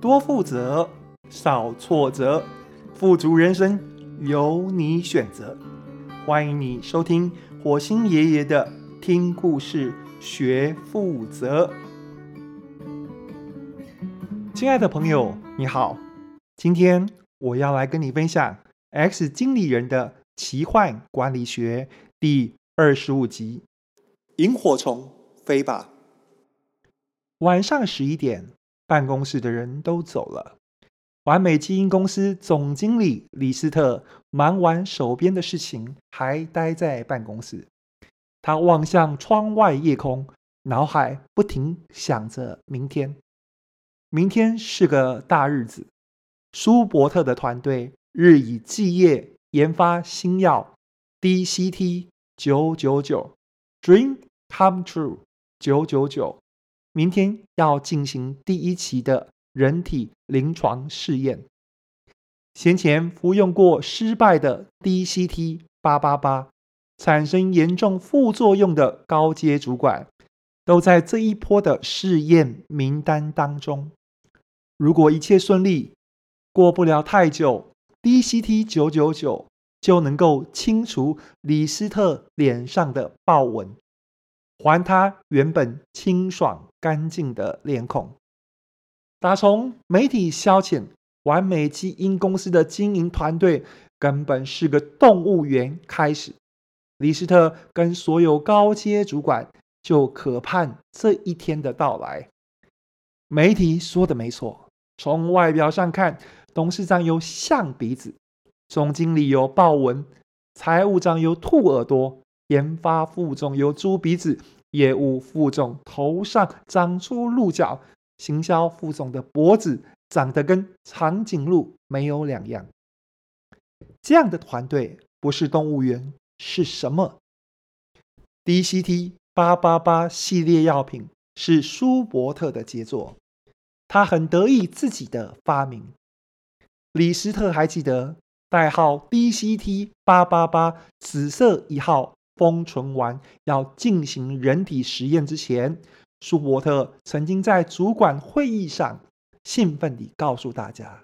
多富擇，少挫折，富足人生由你選擇。歡迎你收聽火星爺爺的聽故事學富擇。親愛的朋友，你好，今天我要來跟你分享《X 經理人的奇幻管理學》第二十五集《螢火蟲，飛吧》。晚上十一點。辦公室的人都走了。完美基因公司總經理李斯特忙完手邊的事情，還待在辦公室。他望向窗外夜空，腦海不停想着明天。明天是個大日子。舒伯特的團隊日以繼夜研發新藥 DCT 九九九，Dream Come True 九九九。明天要進行第一期的人體臨床試驗，先前服用過失敗的 DCT 八八八，產生嚴重副作用的高階主管，都在這一波的試驗名單當中。如果一切順利，過不了太久，DCT 九九九就能夠清除李斯特臉上的豹紋，還他原本清爽乾淨的臉孔。打從媒體消遣完美基因公司的經營團隊根本是個動物園開始，李斯特跟所有高階主管就渴盼這一天的到來。媒體說的沒錯，從外表上看，董事長有象鼻子，總經理有豹紋，財務長有兔耳朵，研發副總有豬鼻子。業務副總頭上長出鹿角，行銷副總的脖子長得跟長頸鹿沒有兩樣。這樣的團隊不是動物園，是什麼？DCT 八八八系列藥品是舒伯特的傑作，他很得意自己的發明。李斯特還記得，代號 DCT 八八八紫色一號。封存完，要進行人體實驗之前，舒伯特曾經在主管會議上興奮地告訴大家：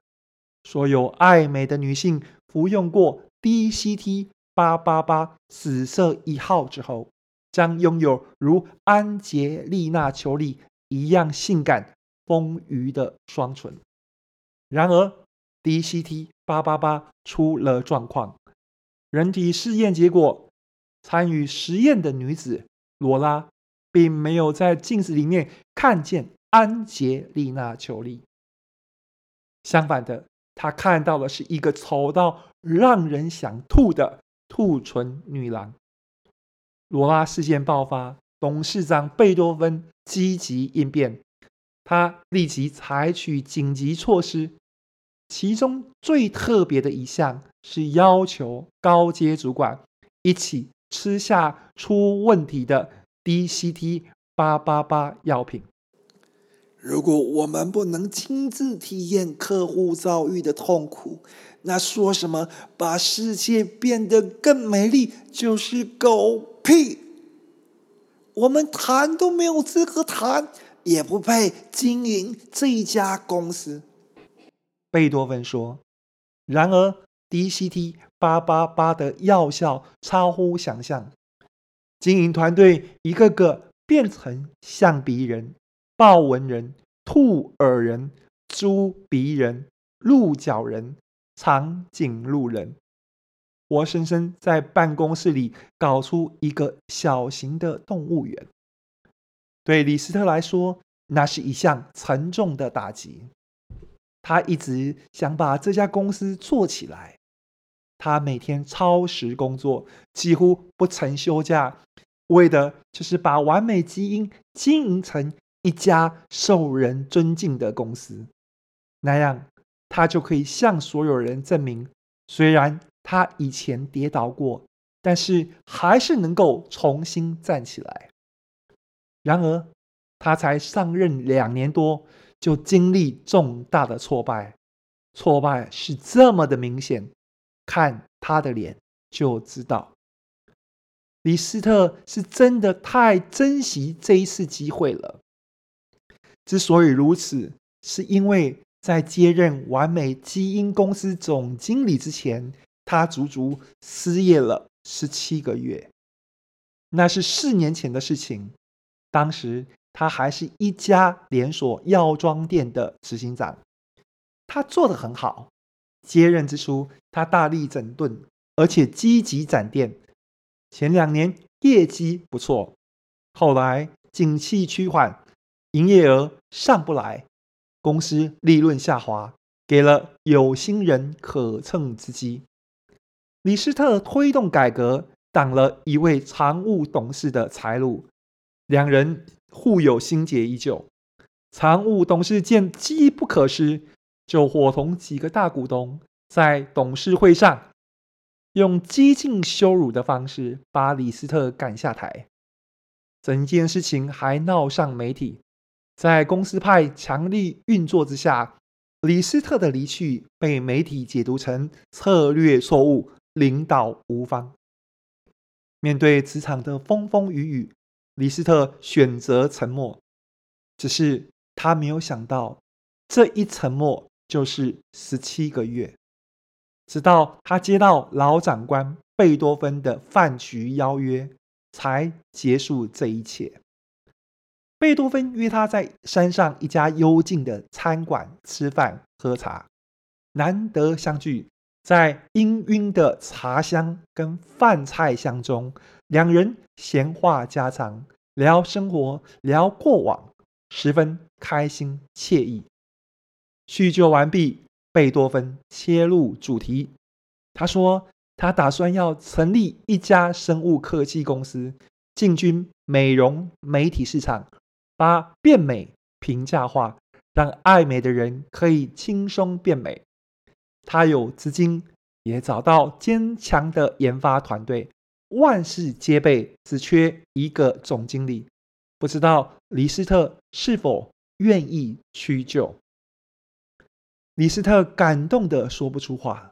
所有愛美的女性服用過 DCT 八八八紫色一號之後，將擁有如安潔莉娜·裘莉一樣性感豐腴的雙唇。然而，DCT 八八八出了狀況，人體試驗結果。參與實驗的女子羅拉，並沒有在鏡子裡面看見安傑麗娜·裘莉，相反的，她看到的是一個醜到讓人想吐的兔唇女郎。羅拉事件爆發，董事長貝多芬積極應變，他立即採取緊急措施，其中最特別的一項是要求高階主管一起。吃下出問題的 DCT 八八八藥品。如果我們不能親自體驗客戶遭遇的痛苦，那說什麼把世界變得更美麗就是狗屁。我們談都沒有資格談，也不配經營這一家公司。貝多芬說：“然而 DCT。”八八八的藥效超乎想象，經營團隊一個個變成象鼻人、豹紋人、兔耳人、豬鼻人、鹿角人、長頸鹿人，活生生在辦公室裡搞出一個小型的動物園。對李斯特來說，那是一項沉重的打擊。他一直想把這家公司做起來。他每天超時工作，幾乎不曾休假，為的就是把完美基因經營成一家受人尊敬的公司。那樣，他就可以向所有人證明，雖然他以前跌倒過，但是還是能夠重新站起來。然而，他才上任兩年多，就經歷重大的挫敗。挫敗是這麼的明顯。看他的臉，就知道李斯特是真的太珍惜這一次機會了。之所以如此，是因為在接任完美基因公司總經理之前，他足足失業了十七個月。那是四年前的事情，當時他還是一家連鎖藥妝店的執行長，他做得很好。接任之初，他大力整頓，而且積極展店。前兩年業績不錯，後來景氣趨緩，營業額上不來，公司利潤下滑，給了有心人可乘之機。李斯特推動改革，擋了一位常務董事的財路，兩人互有心結依舊。常務董事見機不可失。就夥同幾個大股東在董事會上用激進羞辱的方式把李斯特趕下台，整件事情還鬧上媒體。在公司派強力運作之下，李斯特的離去被媒體解讀成策略錯誤、領導無方。面對職場的風風雨雨，李斯特選擇沉默，只是他沒有想到這一沉默。就是十七個月，直到他接到老長官貝多芬的飯局邀約，才結束這一切。貝多芬約他在山上一家幽靜的餐館吃飯喝茶，難得相聚，在氤氲的茶香跟飯菜香中，兩人閒話家常，聊生活，聊過往，十分開心愜意。敘舊完畢，貝多芬切入主題。他說：“他打算要成立一家生物科技公司，進軍美容美體市場，把變美平價化，讓愛美的人可以輕鬆變美。他有資金，也找到堅強的研發團隊，萬事皆備，只缺一個總經理。不知道李斯特是否願意屈就。”李斯特感動得說不出話。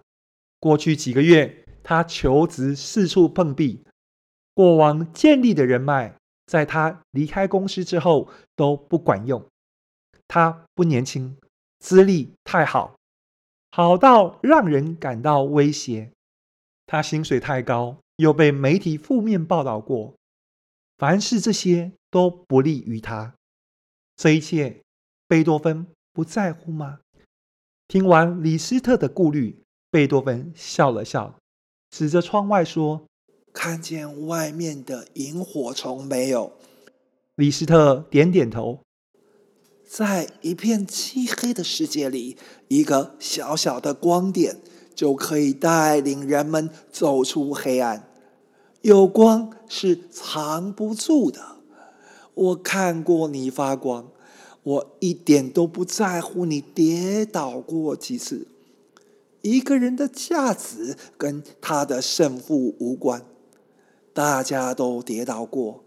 過去幾個月，他求職四處碰壁，過往建立的人脈，在他離開公司之後都不管用。他不年輕，資歷太好，好到讓人感到威脅。他薪水太高，又被媒體負面報道過。凡是這些都不利於他。這一切，貝多芬不在乎嗎？聽完李斯特的顧慮，貝多芬笑了笑，指着窗外說：“看見外面的螢火蟲沒有？”李斯特點點頭。在一片漆黑的世界裡，一個小小的光點就可以帶領人們走出黑暗。有光是藏不住的。我看過你發光。我一點都不在乎你跌倒過幾次。一個人的價值跟他的勝負無關。大家都跌倒過，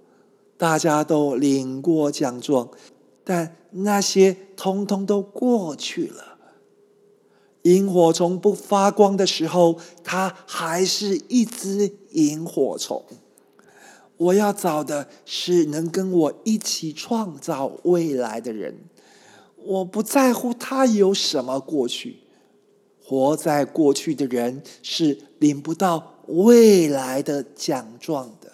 大家都領過獎狀，但那些通通都過去了。螢火蟲不發光的時候，它還是一隻螢火蟲。我要找的是能跟我一起創造未來的人，我不在乎他有什麼過去。活在過去的人是領不到未來的獎狀的。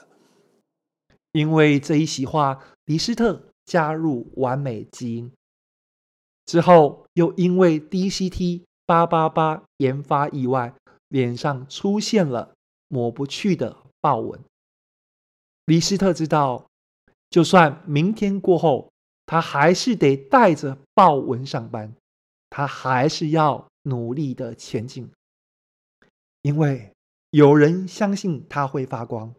因為這一席話，李斯特加入完美基因之後，又因為 DCT 八八八研發意外，臉上出現了抹不去的豹紋。李斯特知道，就算明天過後，他還是得帶着豹紋上班，他還是要努力的前進，因為有人相信他會發光，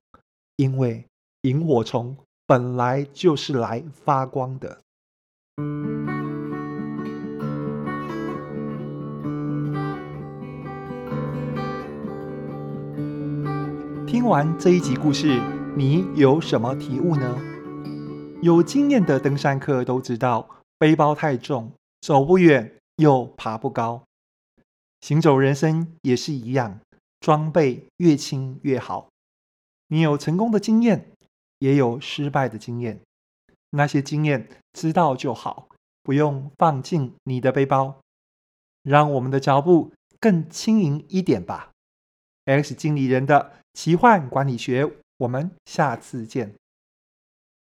因為螢火蟲本來就是來發光的。聽完這一集故事，你有什麼體悟呢？有經驗的登山客都知道，背包太重，走不遠，又爬不高。行走人生也是一樣，裝備越輕越好。你有成功的經驗，也有失敗的經驗，那些經驗知道就好，不用放進你的背包。讓我們的腳步更輕盈一點吧。X 經理人的奇幻管理學。我們下次見。